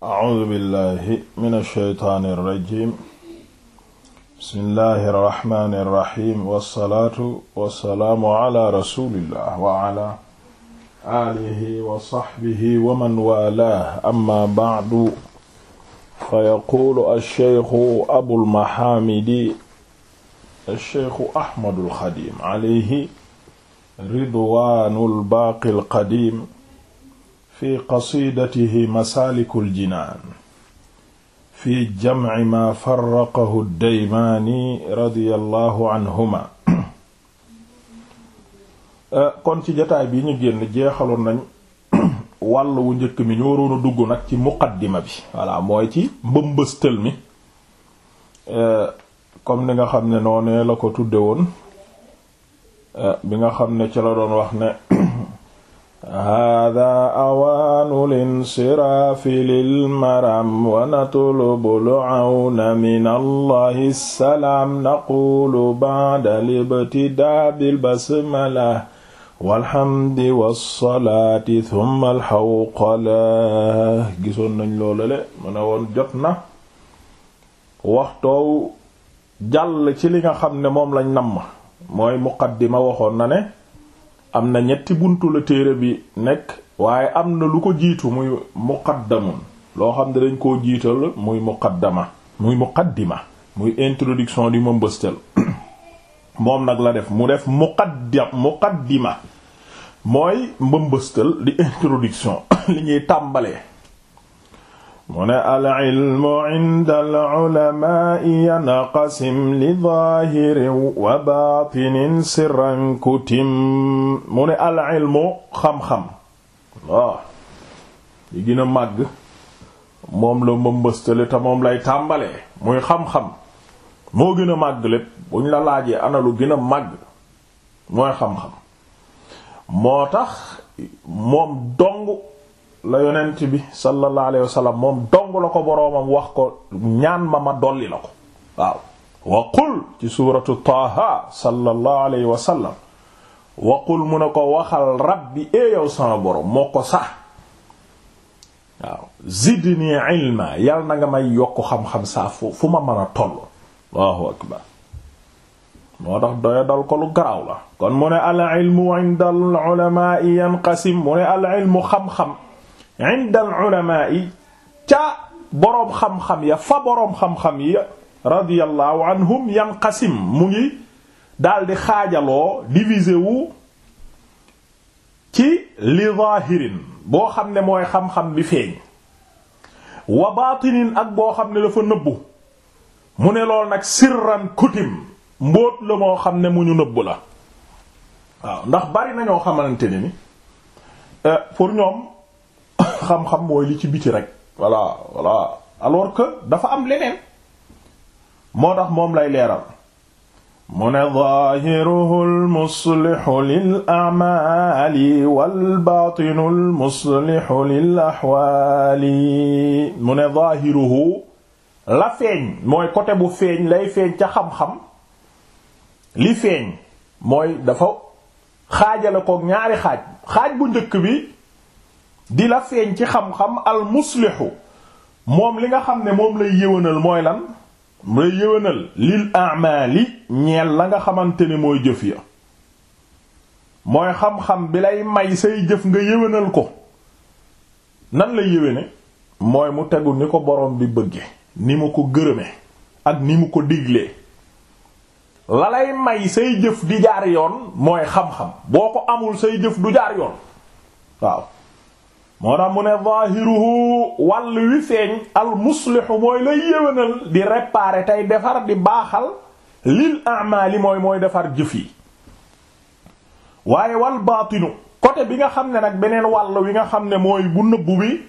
acuudu billahi min alsheytaani alrajim bismillahi arrahmani irrahim wassalaatu wassalaamu ala rasulillah wa ala aalihi wa saxbihi wa man waalaah amma bacdu fa yaquulu alsheykhu abulmahaamidi alsheykhu ahmadu alxadim alayhi ridwaanu albaaqi alqadim fi qasidatihi masaalikul jinaan fi jamci maa farraqahu daymaani radiyallahu anhuma eh, kon ci jataay bi ñu génn jeexaloon nañ wàll wu njëkk mi ñu waroon a dugg nag ci muqaddima bi voilà mooy ci mbëmbëstal mi eh, comme ni nga xam ne noonee la ko tudde woon eh, bi nga xam ne ci la doon wax ne hada awaanu linsiraafi lilmaram wa natulubul awna min allahi salaam naqulu ba'da libtidaa bilbasmala walhamdi wassalaati thumma alxawqala gisoon nañ loolale mu ne woon jot na waxtoow jàll ci li nga xam ne moom lañ namm mooy muqaddima waxoon na ne am na ñetti buntu la téere bi nekk waaye am na lu ko jiitu muy muqaddamun loo xam ne dañ koo jiital muy muqaddama muy muqaddima muy introduction di ma mbëstal moom nag la def mu def muqaddam muqaddima mooy mbëmbëstal di introduction li ñuy tàmbalee mu ne al ilmu inda al ulamaai li zaahirin wa baatinin sirran kutim mu ne al ilmu xam-xam waaw li gën a màgg moom la mbëmbëstale te moom lay tàmbalee muy xam-xam moo gën a màgg lépp buñ la laajee ana lu gën a mooy xam-xam moo tax moom dong la yonent bi sallallahu alayhi wa moom dong la ko boroomam wax ko ñaan ma ma dolli la ko waaw wa qul ci suuratu taaha sallallahu alayhi wa sallam wa qul mu ne ko waxal rabbi ee yow sama sax waaw zidni ilma yal na may yokk xam-xam saa fu ma mën a toll allahu moo tax doya ko lu garaaw la kon mu ne al ilmu inda al yanqasim mu ne al ilmu xam-xam inda al ulamaa ca boroom xam ya fa boroom xam-xam ya radiyallahu anhum mu ngi daldi xaajaloo divisé wu ci li zaahirin boo xam ne mooy xam bi feeñ baatinin ak boo xam ne dafa nëbbu mu ne lool nag sirran kutim mbóot la xam ne mu nëbbu la waaw ndax bari nañoo xamante ne ni euh, pour ñoom xam-xam mooy li ci biti rek voilà voilà alors que dafa am leneen moo tax moom lay leeral mu ne zaahiruhu almuslihu lil a'maali wal baatinu almuslihu lil feeñ mooy côté bu feeñ lay feeñ ca xam-xam li feeñ mooy dafa xaajale ko ñaari xaaj xaaj bu njëkk bi di la feeñ ci xam-xam al moom li nga xam ne moom lay yëwénal mooy lan lay yëwénal lil amali ñeel la nga xamante ne mooy jëf ya mooy xam-xam bi lay may say jëf nga yëwénal ko nan lay yëwéne mooy mu tegu ni ko borom bi bëgge ni mu ko gërëme ak ni mu ko diglee la lay may say jëf di jaar yoon mooy xam-xam boo ko amul say jëf du jaar yoon waaw moo tax mu ne zaahiruhu wàll wi feeñ al muslihu mooy lay yéwénal di réparer tey defar di baaxal lil amaali mooy mooy defar jëf yi waaye wal baatinu bi nga xam ne nag beneen wàll wi nga xam ne mooy bu nëbbu bi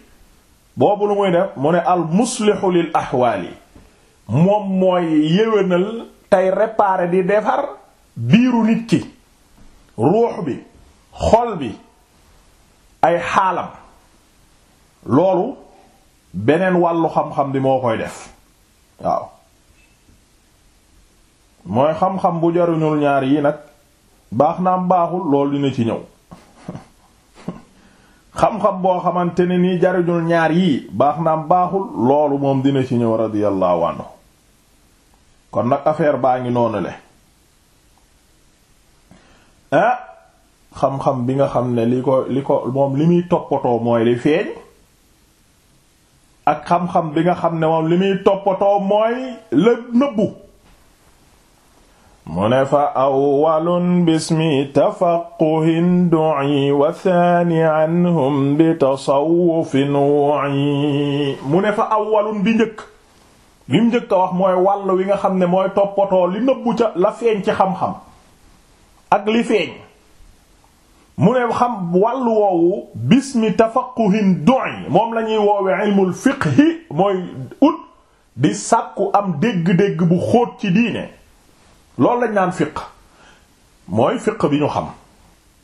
boobu lu muy def mu ne al muslihu lil ahwaali moom mooy yéwénal tey réparer di defar biiru nit ki ruux bi xool bi ay xaalam loolu beneen wàllu xam-xam bi moo koy def waaw mooy xam-xam bu jaruñul ñaar yi nag baax na am baaxul loolu dina ci ñëw xam-xam boo xamante ne nii jaruñul ñaar yii baax na baaxul loolu moom dina ci ñëw radiyallahu anhu kon nag affaire baa ngi noonu le ah xam-xam bi nga xam ne li ko li ko moom li muy toppatoo mooy li feeñ ak xam-xam bi nga xam ne moom li muy toppatoo mooy la nëbbu mu ne fa awwalun bismi tafaqquhin du'i wa thani anhum bi tasawwufin mu ne fa awwalun bi njëkk li mu njëkk a wax mooy wàll wi nga xam ne mooy toppatoo li nëbbu ca la feeñ ci xam-xam ak li feeñ mu ne xam wàllu woowu bismi tafaqquhin du'i moom lañuy woowe ilmul fiqhi mooy ut di sàkku am dégg-dégg bu xóot ci diine loolu lañ naan fiq mooy fiq bi ñu xam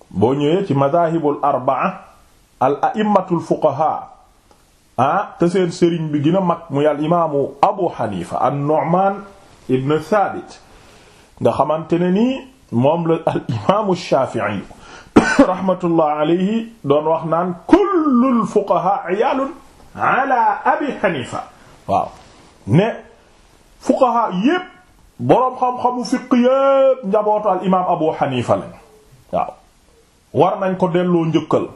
boo ñëwee ci madahibul arbaa al ah, sëriñ bi gën a mag muy abu xanifa an-nu'man ibn thabit nga xamante ne nii moom la al imaamu rahmatullah alayhi doon wax naan kullul fuqaha iyalun ala xanifa ne fuqaha yépp boroom xam-xamu fiq yépp njabootu al imaam abu xanifa lañ war nañ ko delloo njëkkal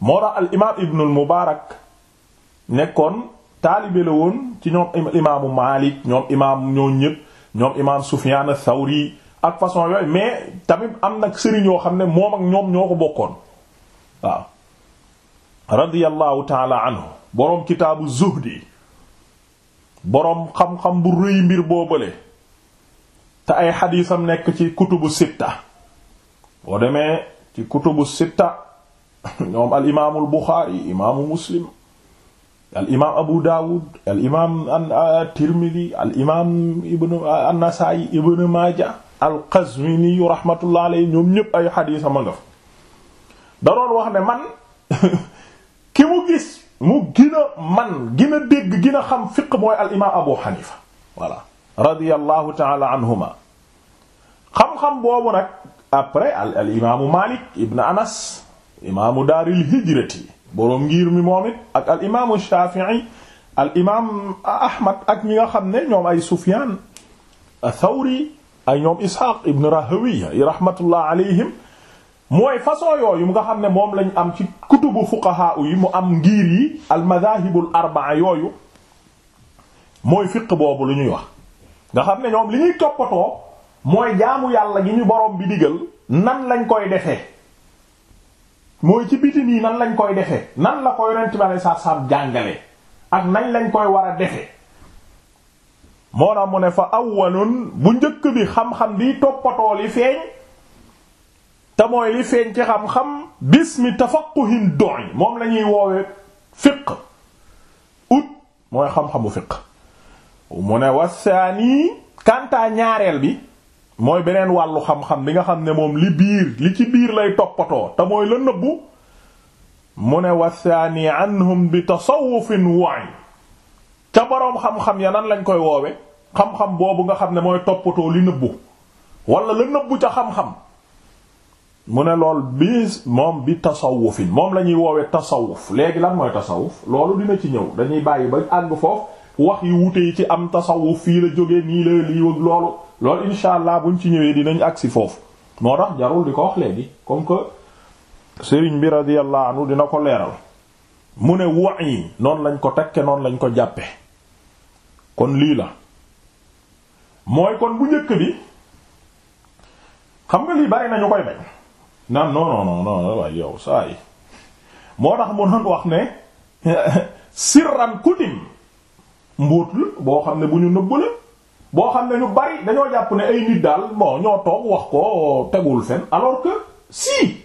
moo tax al imaam ibnul mubaarak nekkoon taalibe la woon ci ñoom imaamu maalik ñoom imaam ñoo ñépp ñoom ak façon mais tamit am nag sëriñ yoo xam ne moom ak ñoom ñoo ko bokkoon waaw radiyallahu taala anhu boroom kitaabu zuhdi boroom xam-xam bu rëy mbir boobale te ay xadiisam nekk ci kutubu sitta boo demee ci kutubu sitta ñoom al imaamul buxaari imaamu muslim al imaam abu daawud al imaam an tirmidi al imaam ibnu an nasaayi ibnu maaja al-Qazwini rahmatullah alayhi ñoom ñëpp ay xadiis ama nga fa da doon wax ne man ki mu gis mu gën a man gën a dégg gën xam fiq mooy al imaam Abu Xanifa voilà radiyallahu taala anhuma xam-xam boobu nag après al al Malik ibn Anas imaamu daaril hijrati boroom mi moom it ak al imaamu Shafi'i al imaam Ahmad ak ñi nga xam ne ñoom ay Sufyaan ath-Thawri ay ñoom Ishaq ibn Rahawiya rahmatullah mooy façon yooyu mu nga xam ne moom lañu am ci kutubu fuqaha yi mu am ngir yi al madahibul arbaa yooyu mooy fiq boobu lu ñuy wax nga xam ne ñoom li ñuy toppatoo mooy jaamu yàlla gi ñu borom bi digal nan lañ koy defee mooy ci biti nii nan lañ koy defee nan la koy yonent bi alayhi salaam jàngale ak nañ lañ koy war a defee moo tax mu ne fa awwalun bu njëkk bi xam-xam bi toppatoo li feeñ te mooy li feeñ ci xam-xam bismi tafaqquhin doy moom lañuy ñuy woowee fiq ut mooy xam-xamu fiq mu ne wasaani kantaa ñaareel bi mooy beneen wàllu xam-xam bi nga xam ne moom li biir li ci biir lay toppatoo te mooy la nëbbu mu ne wasaani anhum bi tasawufin wa'i ca boroom xam-xam ya nan lañ koy woowe xam-xam boobu nga xam ne mooy toppatoo li nëbbu wala la nëbbu ca xam-xam mu ne lool bis moom bi tasawufin moom la ñuy woowee tasawuf léegi lan mooy tasawuf loolu dina ci ñëw dañuy bàyyi ba àgg foofu wax yu wute yi ci am tasawuf fii la jóge nii la lii wëg loolu loolu insha allah buñ ci ñëwee dinañ agsi foofu moo tax jarul di ko wax léegi comme que sëriñ bi radiyallahu dina ko leeral mu ne wa'i noonu lañ ko tekke noonu lañ ko jàppe kon lii la mooy kon bu njëkk bi xam nga lii bari nañu koy bañ naan non non non non waaye yow saa yi moo tax mu doon wax ne sirran kutim mbóot la boo xam ne bu ñu nëbb la boo xam ne ñu bari dañoo jàpp ne ay nit daal bon ñoo toog wax ko tegul fen alors que si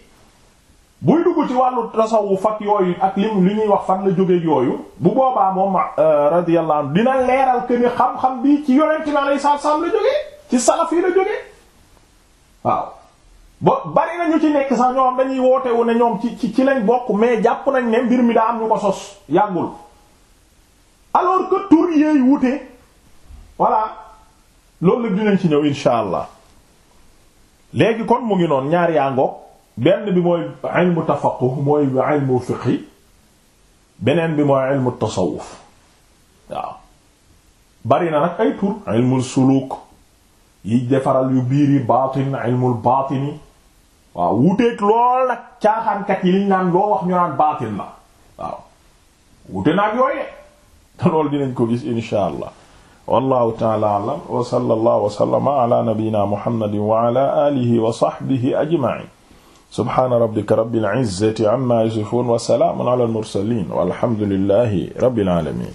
buy dugg ci wàllu tasawuf ak yooyu ak li li ñuy wax fan la jóge yooyu bu boobaa moom euh, radiyallahu anhu dina leeral que ni xam-xam bi ci yonent bi alayhi salaatu salaam la jóge ci salaf yi la jóge waaw ba bari na ñu ci nekk sax ñoo xam dañuy wootewu ne ñoom ci ci ci lañ bokk mais jàpp nañ ne mbir mi daa am ñu ko sos yàggul alors que tur yeey wute voilà loolu dinañ ci ñëw insha allah léegi kon mu ngi noonu ñaar yaa ngoog benn bi mooy ilmu tafaqquh mooy ilmu fiqh beneen bi mooy ilmu tasawuf waaw bari na nag ay tur ilmul suluk yi defaral yu biir yi baatin ilmul baatini waaw wuteeg lool nag caaxaankat yi liñ naan loo wax ñu naan baatin la waaw wute naag yooye te loolu dinañ ko gis insha allah wallahu taala alam wa sallallahu wa sallama ala nabiyyina muhammadin wa ala alihi wa sahbihi ajma'in subhaana rabbika rabbil izzati amma yasifun wa salaamun ala al mursalin walhamdulillahi rabbil alamin